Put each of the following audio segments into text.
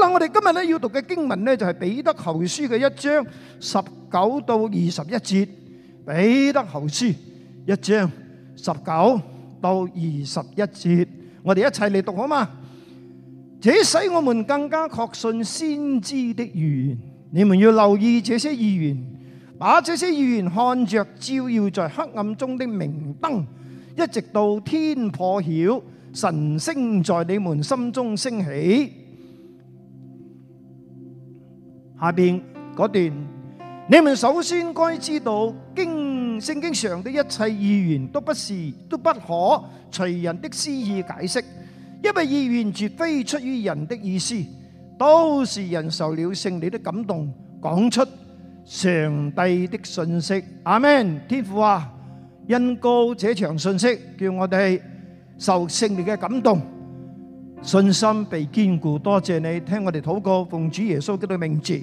嗱，我哋今日咧要讀嘅經文呢就係彼得後書嘅一章十九到二十一節，彼得後書一章十九到二十一節，我哋一齊嚟讀好嘛？這使我們更加確信先知的預言。你們要留意這些預言，把這些預言看着照耀在黑暗中的明燈，一直到天破曉，晨星在你們心中升起。下邊嗰段，你們首先該知道經聖經上的一切預言都不是都不可隨人的私意解釋，因為預言絕非出於人的意思，都是人受了聖靈的感動，講出上帝的信息。阿門！天父啊，恩膏這場信息，叫我哋受聖靈嘅感動，信心被堅固，多謝你聽我哋禱告，奉主耶穌基督嘅名字。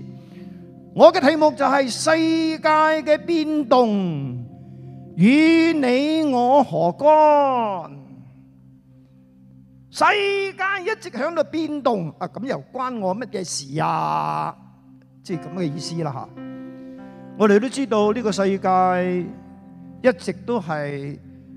我嘅題目就係世界嘅變動與你我何干？世界一直響度變動，啊咁又關我乜嘢事啊？即係咁嘅意思啦吓。我哋都知道呢個世界一直都係。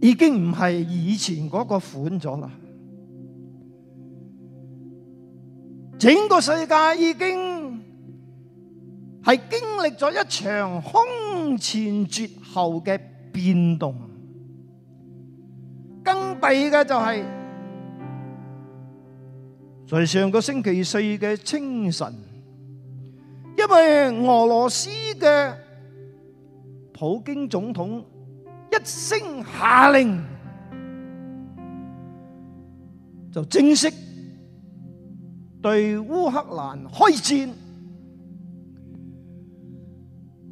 已經唔係以前嗰個款咗啦，整個世界已經係經歷咗一場空前絕後嘅變動。更弊嘅就係，在上個星期四嘅清晨，因為俄羅斯嘅普京總統。一聲下令，就正式對烏克蘭開戰。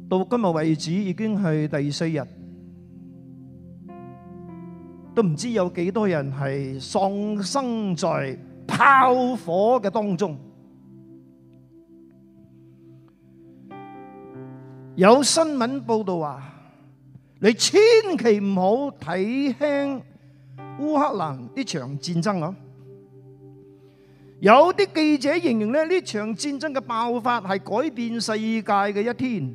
到今日為止，已經係第四日，都唔知有幾多人係喪生在炮火嘅當中。有新聞報道話。你千祈唔好睇輕烏克蘭呢場戰爭咯。有啲記者形容呢場戰爭嘅爆發係改變世界嘅一天。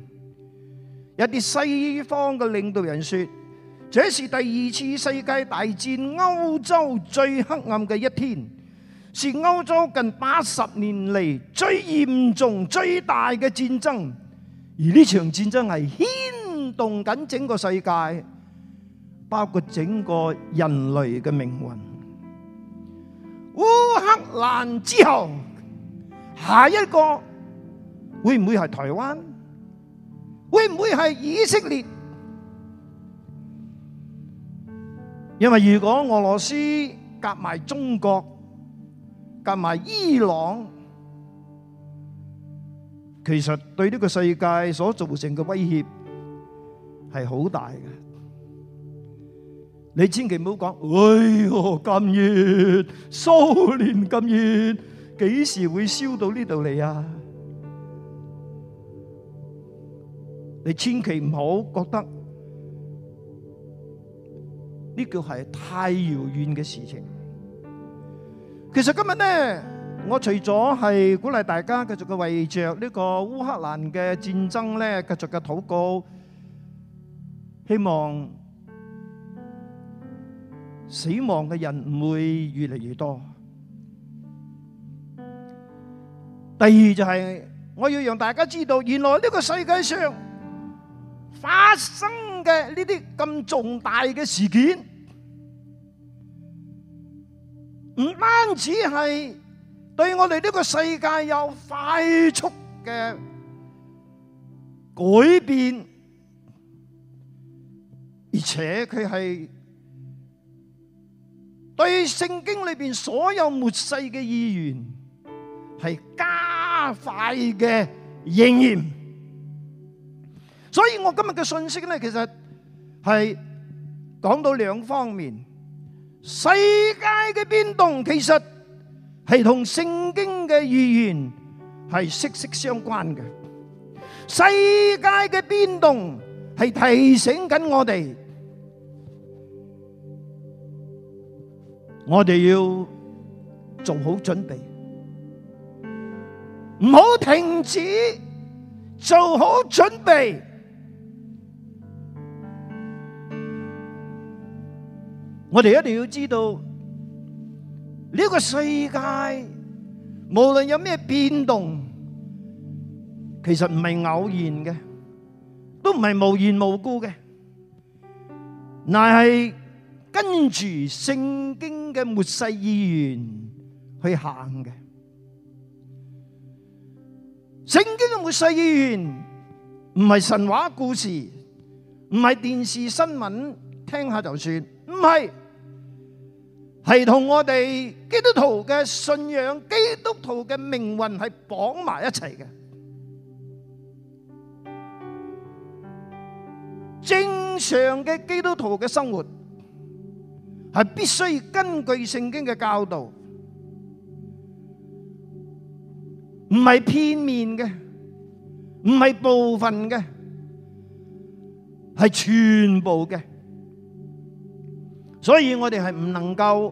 有啲西方嘅領導人說，這是第二次世界大戰歐洲最黑暗嘅一天，是歐洲近八十年嚟最嚴重、最大嘅戰爭。而呢場戰爭係牽，動緊整個世界，包括整個人類嘅命運。烏克蘭之後，下一個會唔會係台灣？會唔會係以色列？因為如果俄羅斯夾埋中國、夾埋伊朗，其實對呢個世界所造成嘅威脅，係好大嘅，你千祈唔好講，哎喲咁熱，蘇聯咁熱，幾時會燒到呢度嚟啊？你千祈唔好覺得呢個係太遙遠嘅事情。其實今日咧，我除咗係鼓勵大家繼續嘅為着呢個烏克蘭嘅戰爭咧，繼續嘅禱告。希望死亡嘅人唔會越嚟越多。第二就係我要讓大家知道，原來呢個世界上發生嘅呢啲咁重大嘅事件，唔單止係對我哋呢個世界有快速嘅改變。而且佢係對聖經裏邊所有末世嘅意願係加快嘅應驗，所以我今日嘅信息咧，其實係講到兩方面，世界嘅變動其實係同聖經嘅意願係息息相關嘅，世界嘅變動係提醒緊我哋。我哋要做好準備，唔好停止，做好準備。我哋一定要知道呢個世界無論有咩變動，其實唔係偶然嘅，都唔係無緣無故嘅，乃係。跟住聖經嘅末世預言去行嘅，聖經嘅末世預言唔係神話故事，唔係電視新聞聽下就算，唔係，係同我哋基督徒嘅信仰，基督徒嘅命運係綁埋一齊嘅，正常嘅基督徒嘅生活。係必須根據聖經嘅教導，唔係片面嘅，唔係部分嘅，係全部嘅。所以我哋係唔能夠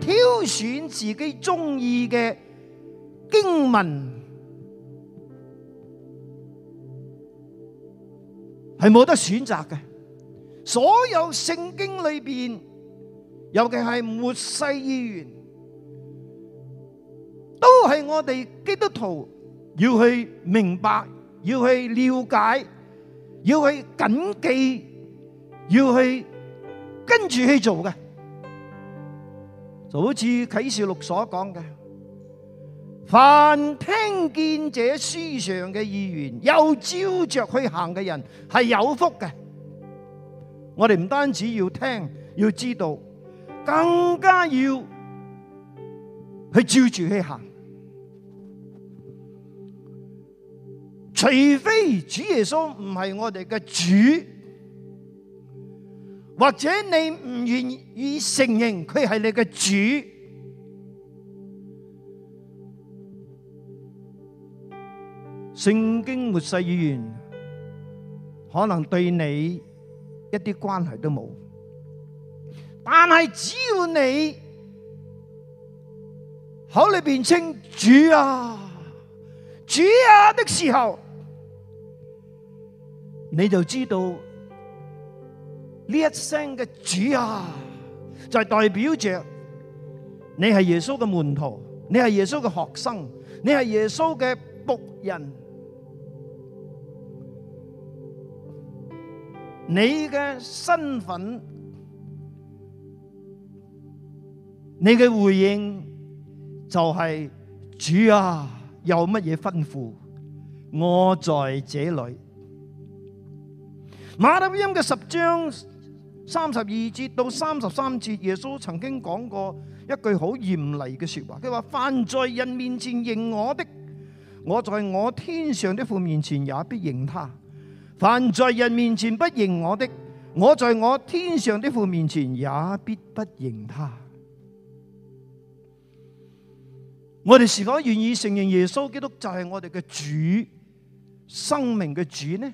挑選自己中意嘅經文，係冇得選擇嘅。所有聖經裏邊。尤其係末世預言，都係我哋基督徒要去明白、要去了解、要去謹記、要去跟住去做嘅。就好似啟示錄所講嘅，凡聽見這書上嘅預言，又照着去行嘅人，係有福嘅。我哋唔單止要聽，要知道。更加要去照住去行，除非主耶穌唔係我哋嘅主，或者你唔願意承認佢係你嘅主，聖經末世預言可能對你一啲關係都冇。但係只要你口裏邊稱主啊，主啊的時候，你就知道呢一聲嘅主啊，就係代表着你係耶穌嘅門徒，你係耶穌嘅學生，你係耶穌嘅僕人，你嘅身份。你嘅回應就係、是、主啊，有乜嘢吩咐？我在這裏。馬太福音嘅十章三十二節到三十三節，耶穌曾經講過一句好嚴厲嘅說話。佢話：凡在人面前認我的，我在我天上的父面前也必認他；凡在人面前不認我的，我在我天上的父面前也必不認他。我哋是否願意承認耶穌基督就係我哋嘅主、生命嘅主呢？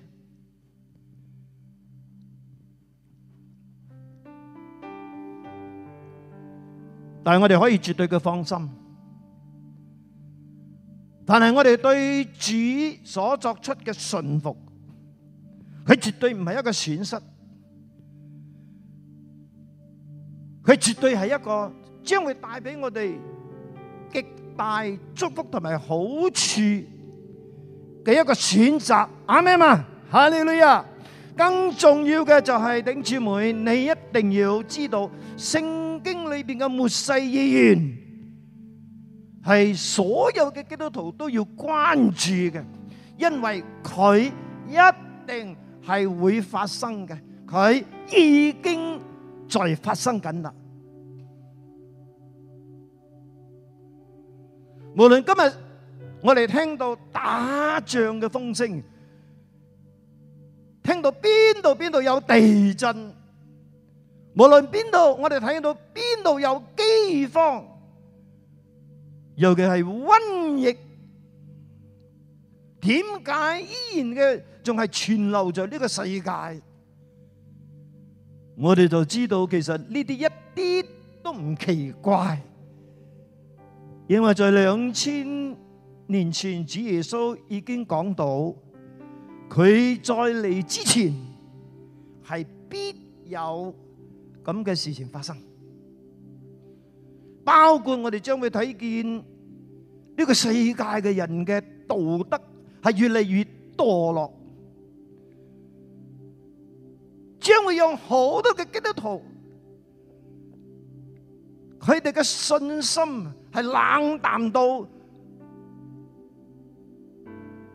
但係我哋可以絕對嘅放心，但係我哋對主所作出嘅順服，佢絕對唔係一個損失，佢絕對係一個將會帶俾我哋極大祝福同埋好處嘅一個選擇，啱唔啱啊吓？你女啊，更重要嘅就係頂姊妹，你一定要知道聖經裏邊嘅末世預言係所有嘅基督徒都要關注嘅，因為佢一定係會發生嘅，佢已經在發生緊啦。無論今日我哋聽到打仗嘅風聲，聽到邊度邊度有地震，無論邊度我哋睇到邊度有饑荒，尤其係瘟疫，點解依然嘅仲係存留在呢個世界？我哋就知道，其實呢啲一啲都唔奇怪。因為在兩千年前，主耶穌已經講到，佢再嚟之前係必有咁嘅事情發生，包括我哋將會睇見呢個世界嘅人嘅道德係越嚟越墮落，將會有好多嘅基督徒，佢哋嘅信心。係冷淡到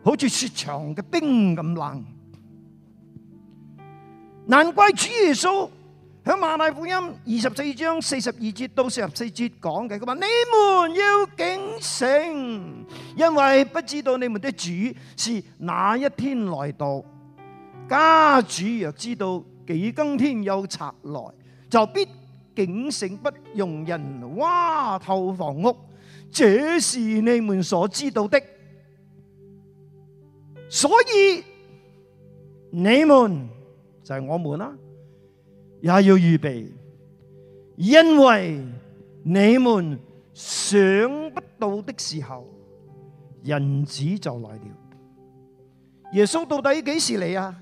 好似雪場嘅冰咁冷，難怪主耶穌響馬太福音二十四章四十二節到四十四節講嘅，佢話，你們要警醒，因為不知道你們的主是哪一天來到。家主若知道幾更天有賊來，就必。警醒，不容人挖透房屋，這是你們所知道的。所以你們就係我們啦，也要預備，因為你們想不到的時候，人子就來了。耶穌到底幾時嚟啊？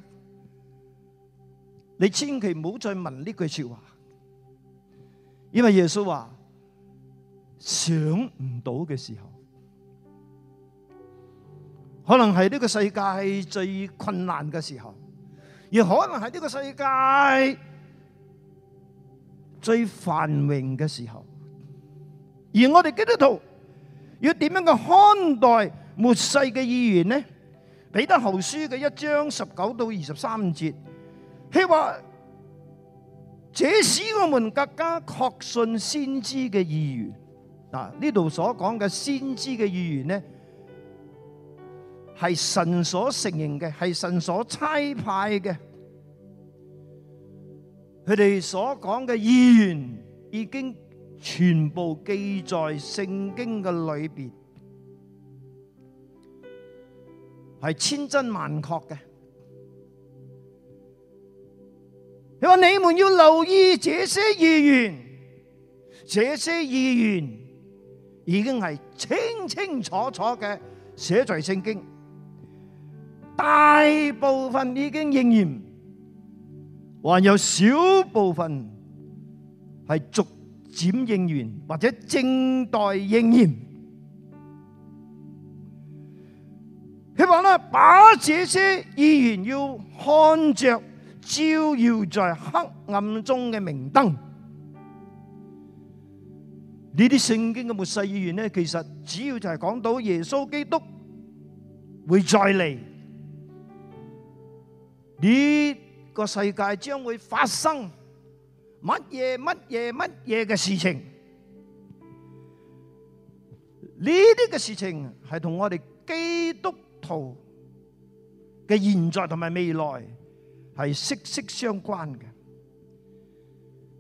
你千祈唔好再問呢句說話。因為耶穌話想唔到嘅時候，可能係呢個世界最困難嘅時候，亦可能係呢個世界最繁榮嘅時候。而我哋基督徒要點樣去看待末世嘅預言呢？彼得後書嘅一章十九到二十三節，希望。這使我們更加確信先知嘅預言。嗱，呢度所講嘅先知嘅預言呢，係神所承認嘅，係神所差派嘅，佢哋所講嘅預言已經全部記載聖經嘅裏邊，係千真萬確嘅。你話：你們要留意這些預言，這些預言已經係清清楚楚嘅寫在聖經，大部分已經應驗，還有少部分係逐漸應驗或者正待應驗。希望呢，把這些預言要看着，照耀在黑暗中嘅明燈，呢啲聖經嘅末世預言呢，其實主要就係講到耶穌基督會再嚟，呢個世界將會發生乜嘢乜嘢乜嘢嘅事情。呢啲嘅事情係同我哋基督徒嘅現在同埋未來。係息息相關嘅，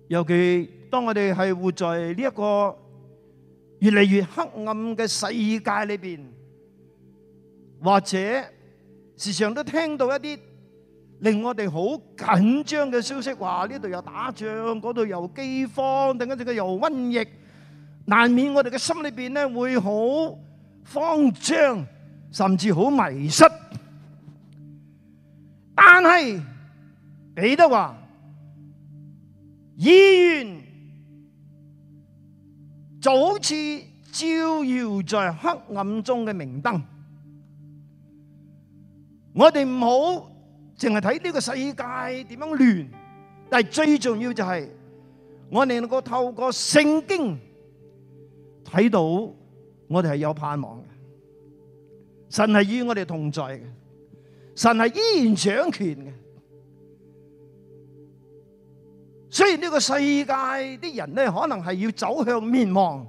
尤其當我哋係活在呢一個越嚟越黑暗嘅世界裏邊，或者時常都聽到一啲令我哋好緊張嘅消息，話呢度又打仗，嗰度又饑荒，等一陣佢又瘟疫，難免我哋嘅心裏邊咧會好慌張，甚至好迷失。但係。彼得話：意院就好似照耀在黑暗中嘅明燈。我哋唔好淨係睇呢個世界點樣亂，但係最重要就係我哋能夠透過聖經睇到，我哋係有盼望嘅。神係與我哋同在嘅，神係依然掌權嘅。雖然呢個世界啲人咧可能係要走向滅亡，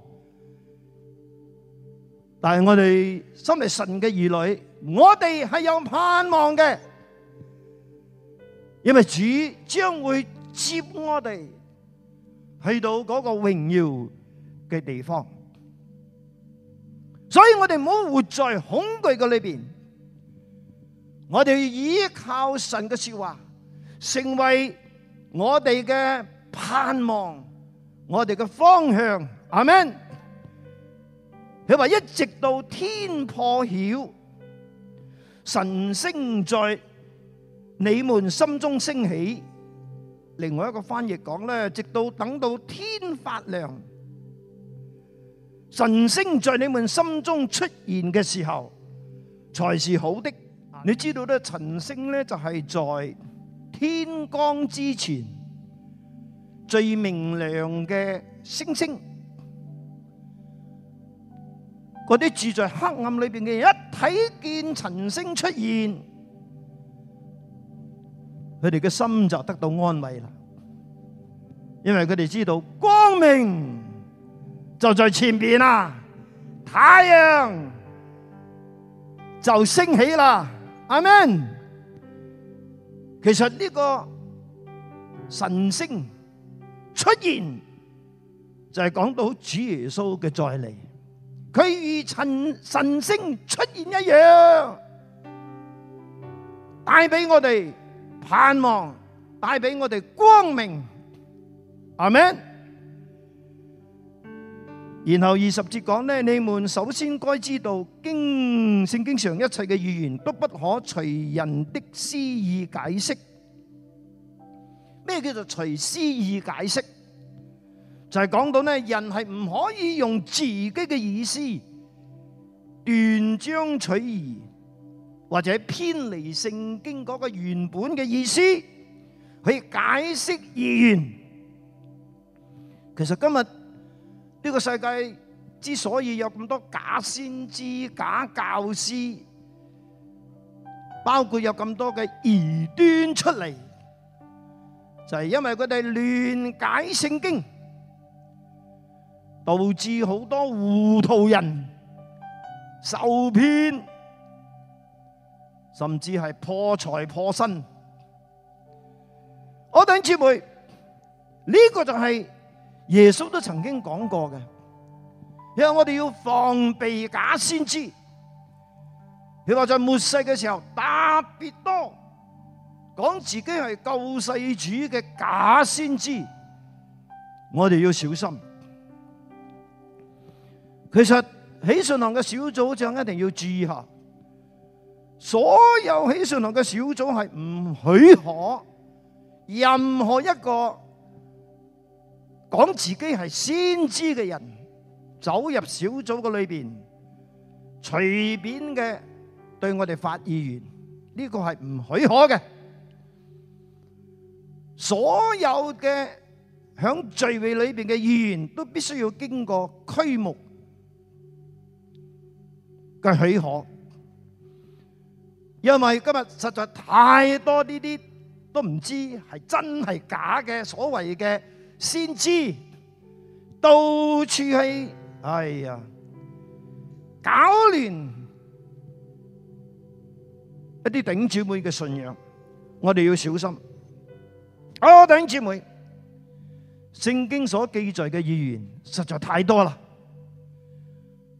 但係我哋身為神嘅兒女，我哋係有盼望嘅，因為主將會接我哋去到嗰個榮耀嘅地方。所以我哋唔好活在恐懼嘅裏邊，我哋要依靠神嘅說話，成為。我哋嘅盼望，我哋嘅方向，阿們。佢話一直到天破曉，晨星在你們心中升起。另外一個翻譯講咧，直到等到天發亮，晨星在你們心中出現嘅時候，才是好的。你知道咧，晨星咧就係在。天光之前最明亮嘅星星，嗰啲住在黑暗裏邊嘅人，一睇見晨星出現，佢哋嘅心就得到安慰啦。因為佢哋知道光明就在前邊啦，太陽就升起啦。阿門。其實呢個神星出現，就係講到主耶穌嘅再嚟，佢如神神星出現一樣，帶俾我哋盼望，帶俾我哋光明，阿門然後二十節講呢，你們首先該知道經聖經上一切嘅預言都不可隨人的私意解釋。咩叫做隨私意解釋？就係講到呢，人係唔可以用自己嘅意思斷章取義或者偏離聖經嗰個原本嘅意思去解釋預言。其實今日。呢個世界之所以有咁多假先知、假教師，包括有咁多嘅異端出嚟，就係因為佢哋亂解聖經，導致好多糊塗人受騙，甚至係破財破身。我等姊妹，呢個就係。耶穌都曾經講過嘅，因為我哋要防備假先知。佢話在末世嘅時候特別多講自己係救世主嘅假先知，我哋要小心。其實喜信堂嘅小組長一定要注意下，所有喜信堂嘅小組係唔許可任何一個講自己係先知嘅人走入小組嘅裏邊，隨便嘅對我哋發意見，呢個係唔許可嘅。所有嘅響聚會裏邊嘅意見都必須要經過區牧嘅許可，因為今日實在太多呢啲都唔知係真係假嘅所謂嘅。先知，到處去，哎呀，搞亂一啲弟兄姊妹嘅信仰，我哋要小心。哦，弟兄姊妹，聖經所記載嘅預言實在太多啦，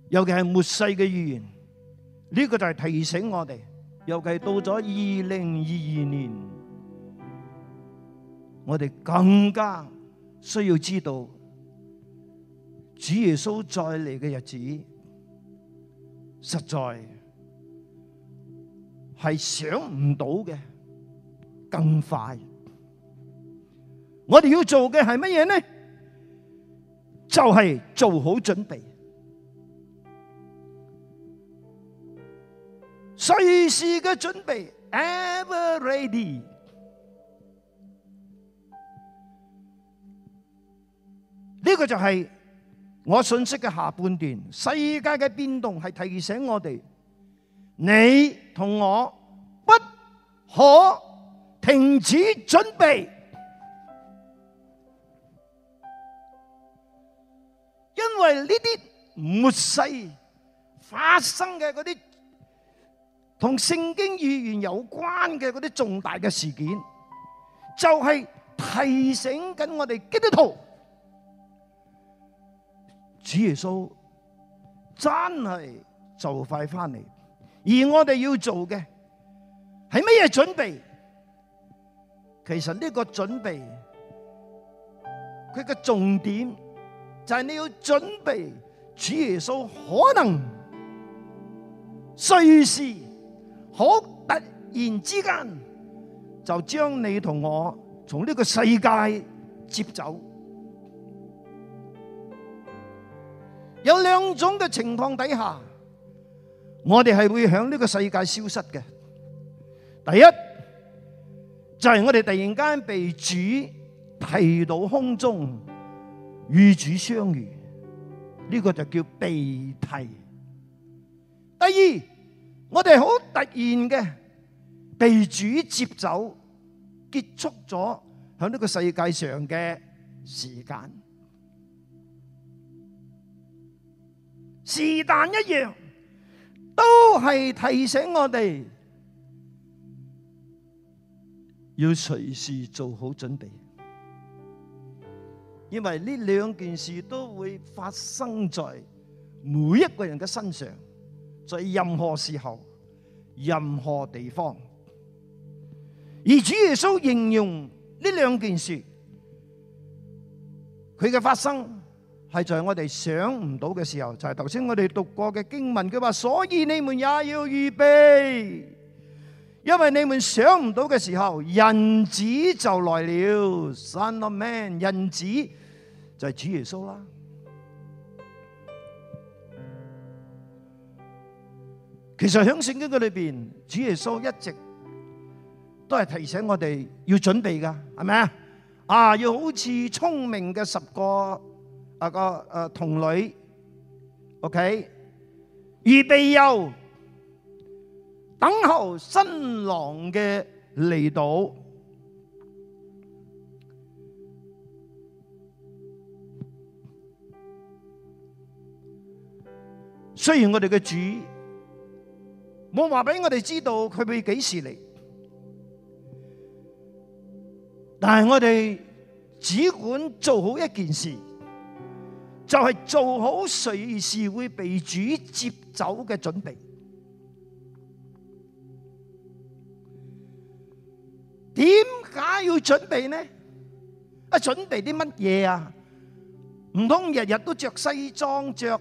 尤其係末世嘅預言，呢個就係提醒我哋，尤其係到咗二零二二年，我哋更加。需要知道主耶穌再嚟嘅日子，實在係想唔到嘅，更快。我哋要做嘅係乜嘢呢？就係做好準備，隨時嘅準備，Ever Ready。呢個就係我信息嘅下半段，世界嘅變動係提醒我哋，你同我不可停止準備，因為呢啲末世發生嘅嗰啲同聖經預言有關嘅嗰啲重大嘅事件，就係提醒緊我哋基督徒。主耶穌真係就快翻嚟，而我哋要做嘅係乜嘢準備？其實呢個準備，佢嘅重點就係你要準備，主耶穌可能隨時好突然之間就將你同我從呢個世界接走。有兩種嘅情況底下，我哋係會響呢個世界消失嘅。第一就係我哋突然間被主提到空中與主相遇，呢個就叫被提。第二，我哋好突然嘅被主接走，結束咗響呢個世界上嘅時間。是但一樣，都係提醒我哋要隨時做好準備，因為呢兩件事都會發生在每一個人嘅身上，在任何時候、任何地方。而主耶穌形容呢兩件事，佢嘅發生。係在我哋想唔到嘅時候，就係頭先我哋讀過嘅經文，佢話所以你們也要預備，因為你們想唔到嘅時候，人子就來了。Son of Man，人子就係主耶穌啦。其實喺聖經嘅裏邊，主耶穌一直都係提醒我哋要準備㗎，係咪啊？啊，要好似聰明嘅十個。啊個誒，童女，OK，預備又等候新郎嘅嚟到。雖然我哋嘅主冇話俾我哋知道佢會幾時嚟，但係我哋只管做好一件事。就係做好隨時會被主接走嘅準備。點解要準備呢？啊，準備啲乜嘢啊？唔通日日都着西裝着，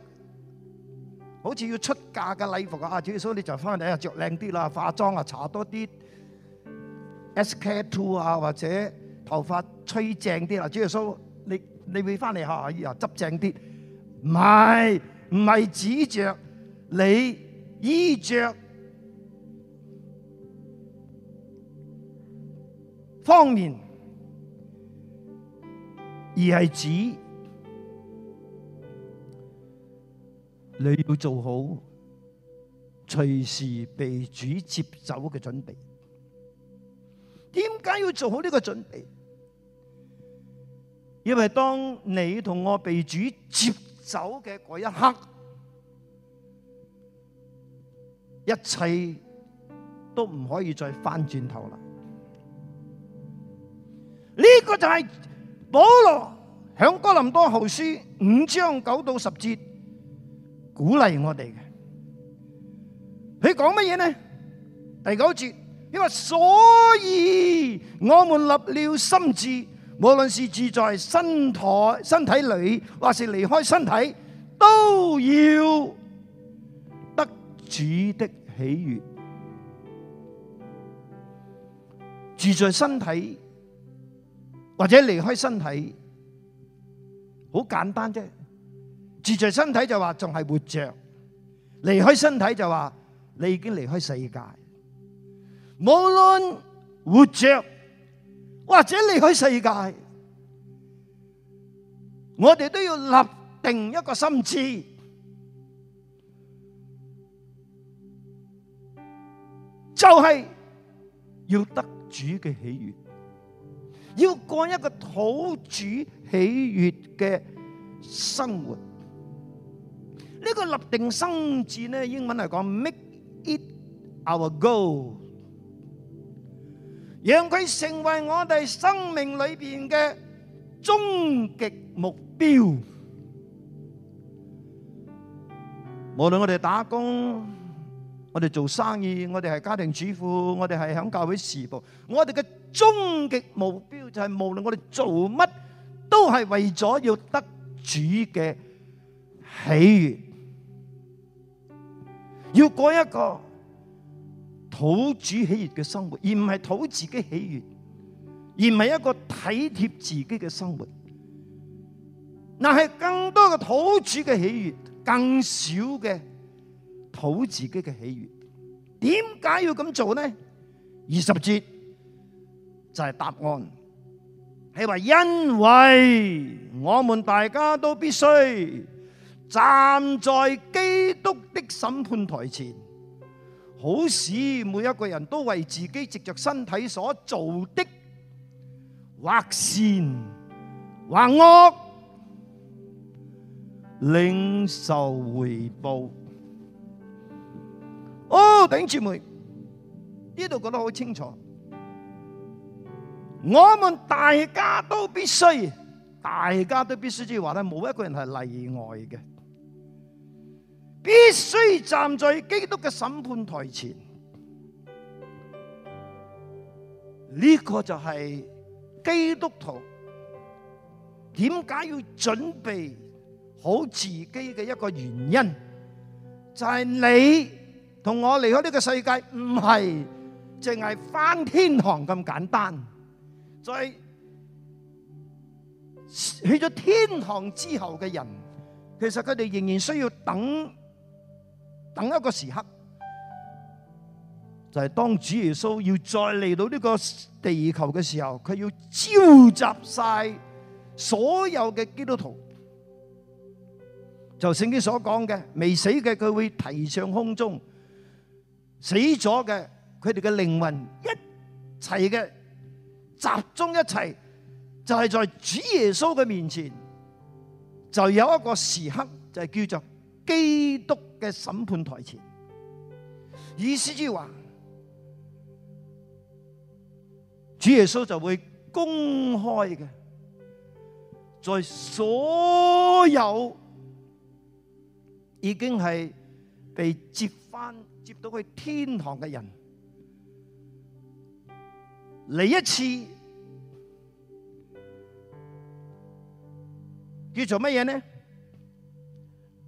好似要出嫁嘅禮服啊？啊，主耶穌你就翻去，哎呀，着靚啲啦，化妝啊，搽多啲 S K two 啊，或者頭髮吹正啲啦，即係主耶穌。你會翻嚟嚇，又執正啲。唔係，唔係指着你衣着方面，而係指你要做好隨時被主接走嘅準備。點解要做好呢個準備？因為當你同我被主接走嘅嗰一刻，一切都唔可以再翻轉頭啦。呢、這個就係保羅響哥林多後書五章九到十節鼓勵我哋嘅。佢講乜嘢呢？第九節，因為所以我們立了心志。無論是住在身台身體裏，或是離開身體，都要得主的喜悅。住在身體或者離開身體，好簡單啫。住在身體就話仲係活着，離開身體就話你已經離開世界。無論活着。或者離開世界，我哋都要立定一個心志，就係要得主嘅喜悅，要過一個討主喜悅嘅生活。呢個立定心志咧，英文嚟講，Make it our goal。讓佢成為我哋生命裏邊嘅終極目標。無論我哋打工，我哋做生意，我哋係家庭主婦，我哋係響教會事奉，我哋嘅終極目標就係無論我哋做乜，都係為咗要得主嘅喜悅。要過一個討主喜悅嘅生活，而唔係討自己喜悅，而唔係一個體貼自己嘅生活，但係更多嘅討主嘅喜悅，更少嘅討自己嘅喜悅。點解要咁做呢？二十節就係答案，係話因為我們大家都必須站在基督的審判台前。好使每一個人都為自己藉着身體所做的或善或惡，領受回報。哦，弟兄們，呢度覺得好清楚，我們大家都必須，大家都必須，即係話咧冇一個人係例外嘅。必須站在基督嘅審判臺前，呢個就係基督徒點解要準備好自己嘅一個原因，就係你同我離開呢個世界唔係淨係返天堂咁簡單。在去咗天堂之後嘅人，其實佢哋仍然需要等。等一個時刻，就係當主耶穌要再嚟到呢個地球嘅時候，佢要召集晒所有嘅基督徒。就聖經所講嘅，未死嘅佢會提上空中，死咗嘅佢哋嘅靈魂一齊嘅集中一齊，就係在主耶穌嘅面前，就有一個時刻就係叫做基督。喺審判台前，意思之話，主耶穌就會公開嘅，在所有已經係被接返接到去天堂嘅人嚟一次，叫做乜嘢呢？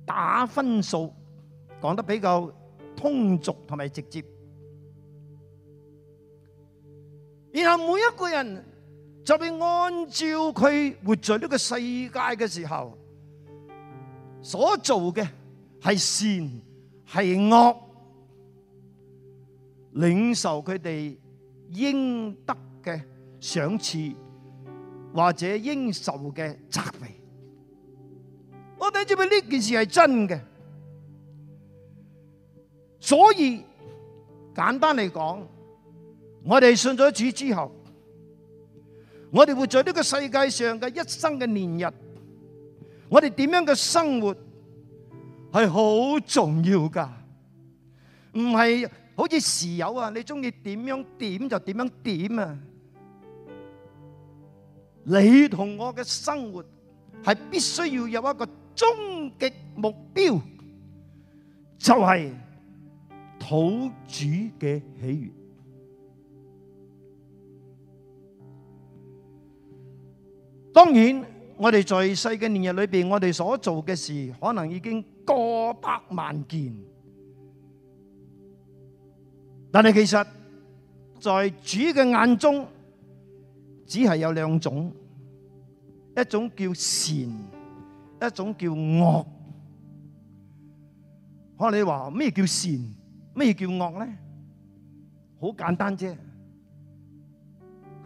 打分數。講得比較通俗同埋直接，然後每一個人就會按照佢活在呢個世界嘅時候所做嘅係善係惡，領受佢哋應得嘅賞賜或者應受嘅責備。我睇住佢呢件事係真嘅。所以簡單嚟講，我哋信咗主之後，我哋活在呢個世界上嘅一生嘅年日，我哋點樣嘅生活係好重要噶，唔係好似時友啊，你中意點樣點就點樣點啊！你同我嘅生活係必須要有一個終極目標，就係。好主嘅喜悅，當然我哋在世嘅年日裏邊，我哋所做嘅事可能已經過百萬件，但係其實，在主嘅眼中，只係有兩種，一種叫善，一種叫惡。可能你話咩叫善？咩叫惡呢？好簡單啫，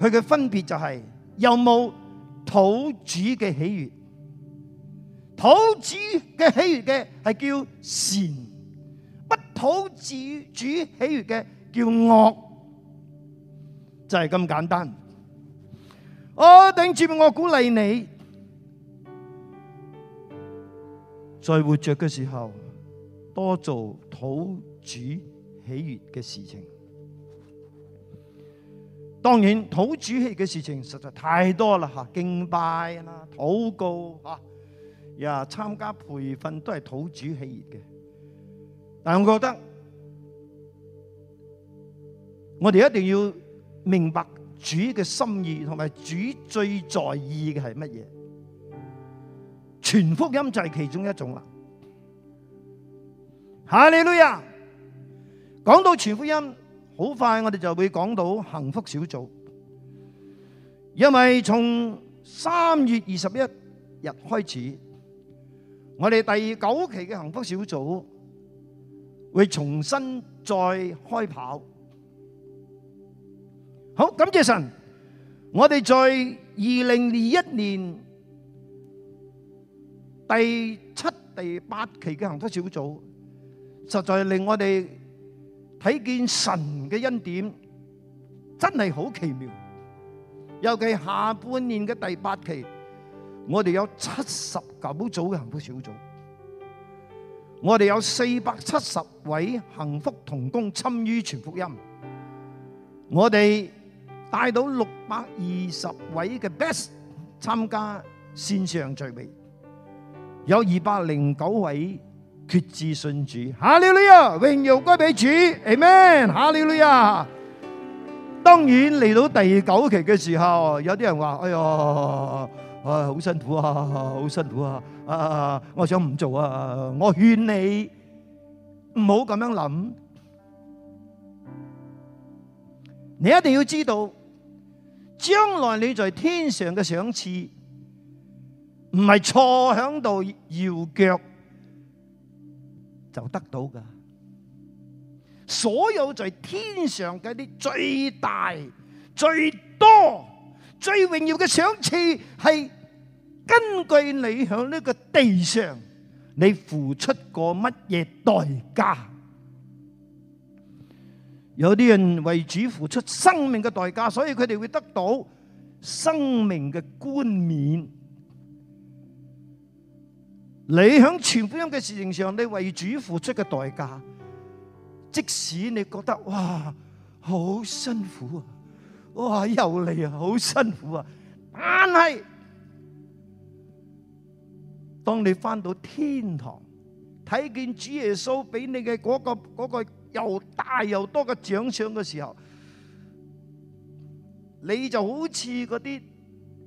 佢嘅分別就係、是、有冇土主嘅喜悅，土主嘅喜悅嘅係叫善，不土自主喜悅嘅叫惡，就係咁簡單。我頂住，我鼓勵你，在活着嘅時候多做土。主喜悅嘅事情，當然討主喜嘅事情實在太多啦吓，敬拜啦、禱告吓，呀、啊、參加培訓都係討主喜悅嘅。但係我覺得，我哋一定要明白主嘅心意，同埋主最在意嘅係乜嘢？傳福音就係其中一種啦。哈利路亞。講到全福音，好快我哋就會講到幸福小組，因為從三月二十一日開始，我哋第九期嘅幸福小組會重新再開跑。好，感謝神，我哋在二零二一年第七、第八期嘅幸福小組，實在令我哋。睇見神嘅恩典真係好奇妙，尤其下半年嘅第八期，我哋有七十九組嘅幸福小組，我哋有四百七十位幸福同工參與傳福音，我哋帶到六百二十位嘅 best 參加線上聚會，有二百零九位，決志信主，哈利路亞，榮耀歸俾主，Amen。哈利路亞。當然嚟到第九期嘅時候，有啲人話：哎呀，啊、哎，好辛苦啊，好辛苦啊，啊，我想唔做啊。我勸你唔好咁樣諗，你一定要知道，將來你在天上嘅賞賜，唔係坐喺度搖腳就得到㗎，所有在天上嘅啲最大、最多、最榮耀嘅賞賜，係根據你喺呢個地上你付出過乜嘢代價。有啲人為主付出生命嘅代價，所以佢哋會得到生命嘅冠冕。你喺全福音嘅事情上，你為主付出嘅代價，即使你覺得哇好辛苦啊，哇又嚟啊好辛苦啊，但係當你翻到天堂，睇見主耶穌俾你嘅嗰、嗰個、嗰個又大又多嘅獎賞嘅時候，你就好似嗰啲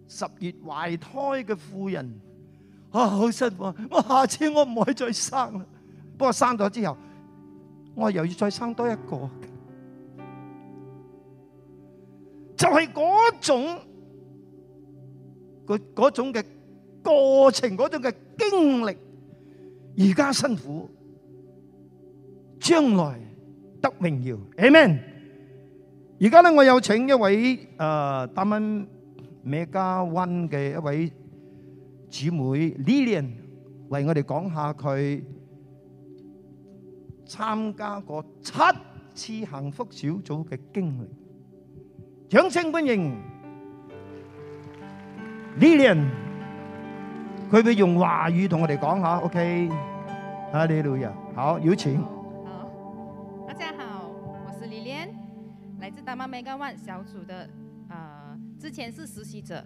十月懷胎嘅婦人。啊，好辛苦！我下次我唔可以再生啦。不過生咗之後，我又要再生多一個，就係嗰種，嗰嗰種嘅過程，嗰種嘅經歷，而家辛苦，將來得榮耀。Amen，而家咧我有請一位誒，咱們美加灣嘅一位。姊妹 Lilian 為我哋講下佢參加過七次幸福小組嘅經歷，掌聲歡迎 Lilian。佢會用華語同我哋講下，OK？啊，哈利路亞，好，有請。好，大家好，我是 Lilian，來自大馬 Megawant 小組的，啊，之前是實習者。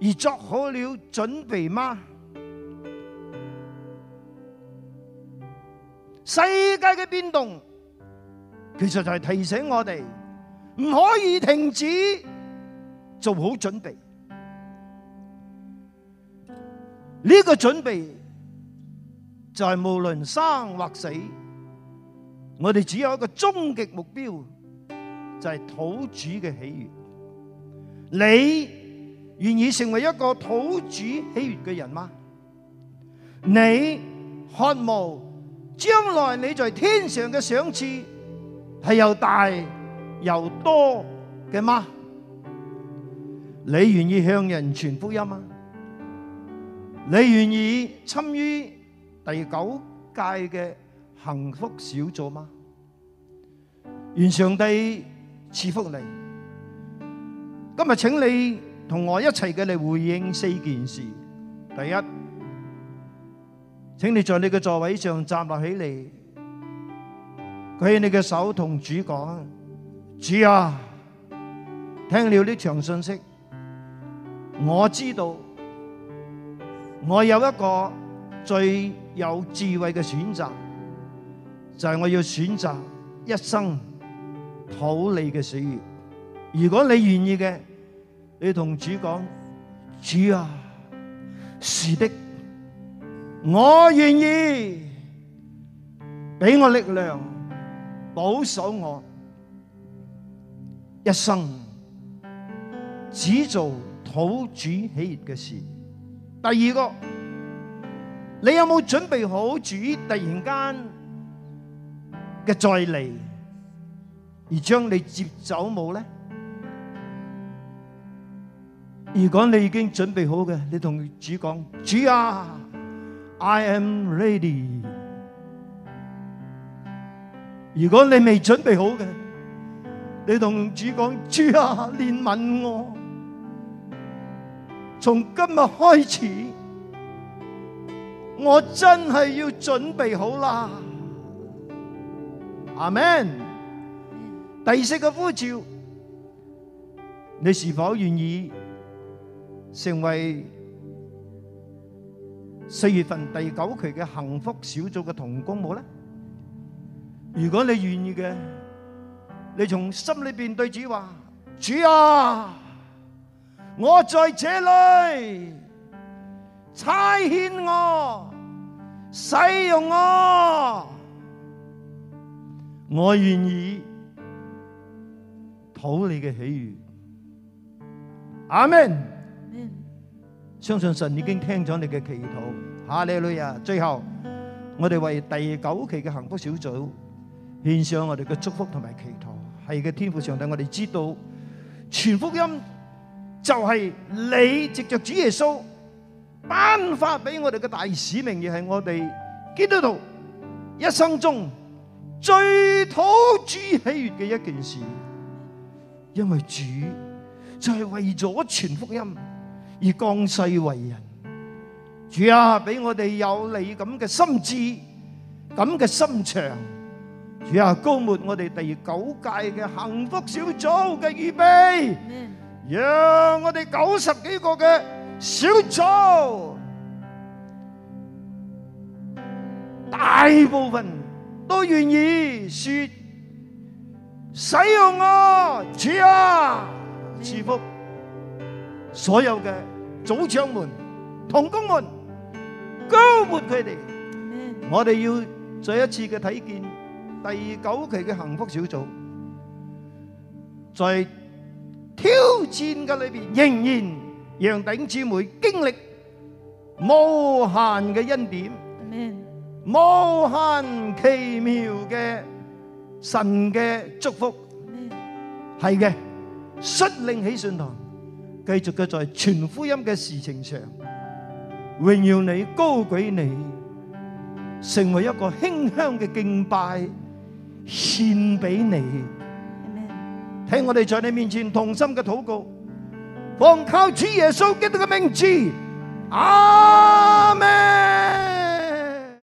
而作好了準備嗎？世界嘅變動其實就係提醒我哋唔可以停止做好準備。呢個準備就係無論生或死，我哋只有一個終極目標，就係土主嘅喜悅。你願意成為一個土主喜悦嘅人嗎？你渴望將來你在天上嘅賞賜係又大又多嘅嗎？你願意向人傳福音嗎？你願意參與第九屆嘅幸福小組嗎？願上帝賜福你。今日請你。同我一齊嘅嚟，回應四件事。第一，請你在你嘅座位上站立起嚟，舉你嘅手同主講：主啊，聽了呢場信息，我知道我有一個最有智慧嘅選擇，就係、是、我要選擇一生討你嘅喜悅。如果你願意嘅。你同主講，主啊，是的，我願意，俾我力量，保守我一生，只做討主喜悅嘅事。第二個，你有冇準備好主突然間嘅再嚟，而將你接走冇咧？如果你已經準備好嘅，你同主講，主啊，I am ready。如果你未準備好嘅，你同主講，主啊，憐憫我。從今日開始，我真係要準備好啦。阿門，第四個呼召，你是否願意？成為四月份第九期嘅幸福小組嘅同工冇咧？如果你願意嘅，你從心裏邊對主話：主啊，我在這裏，差遣我，使用我，我願意討你嘅喜悦。阿們。相信神已經聽咗你嘅祈禱，哈利路亞啊！最後我哋為第九期嘅幸福小組獻上我哋嘅祝福同埋祈禱，係嘅天父上帝，我哋知道全福音就係你藉着主耶穌頒發俾我哋嘅大使命，亦係我哋基督徒一生中最討主喜悅嘅一件事，因為主就係為咗全福音。以江西為人，主啊，俾我哋有你咁嘅心志，咁嘅心腸，主啊，膏抹我哋第九屆嘅幸福小組嘅預備，讓我哋九十幾個嘅小組，大部分都願意說，使用我，主啊，祝福。所有嘅組長們、同工們，高呼佢哋，我哋要再一次嘅睇見第九期嘅幸福小組，在挑戰嘅裏邊，仍然讓頂姊妹經歷無限嘅恩典，無限奇妙嘅神嘅祝福。係嘅，率領起信堂。繼續嘅在全福音嘅事情上，榮耀你高舉你，成為一個馨香嘅敬拜獻俾你。聽我哋在你面前同心嘅禱告，放靠主耶穌基督嘅一個名字。阿門。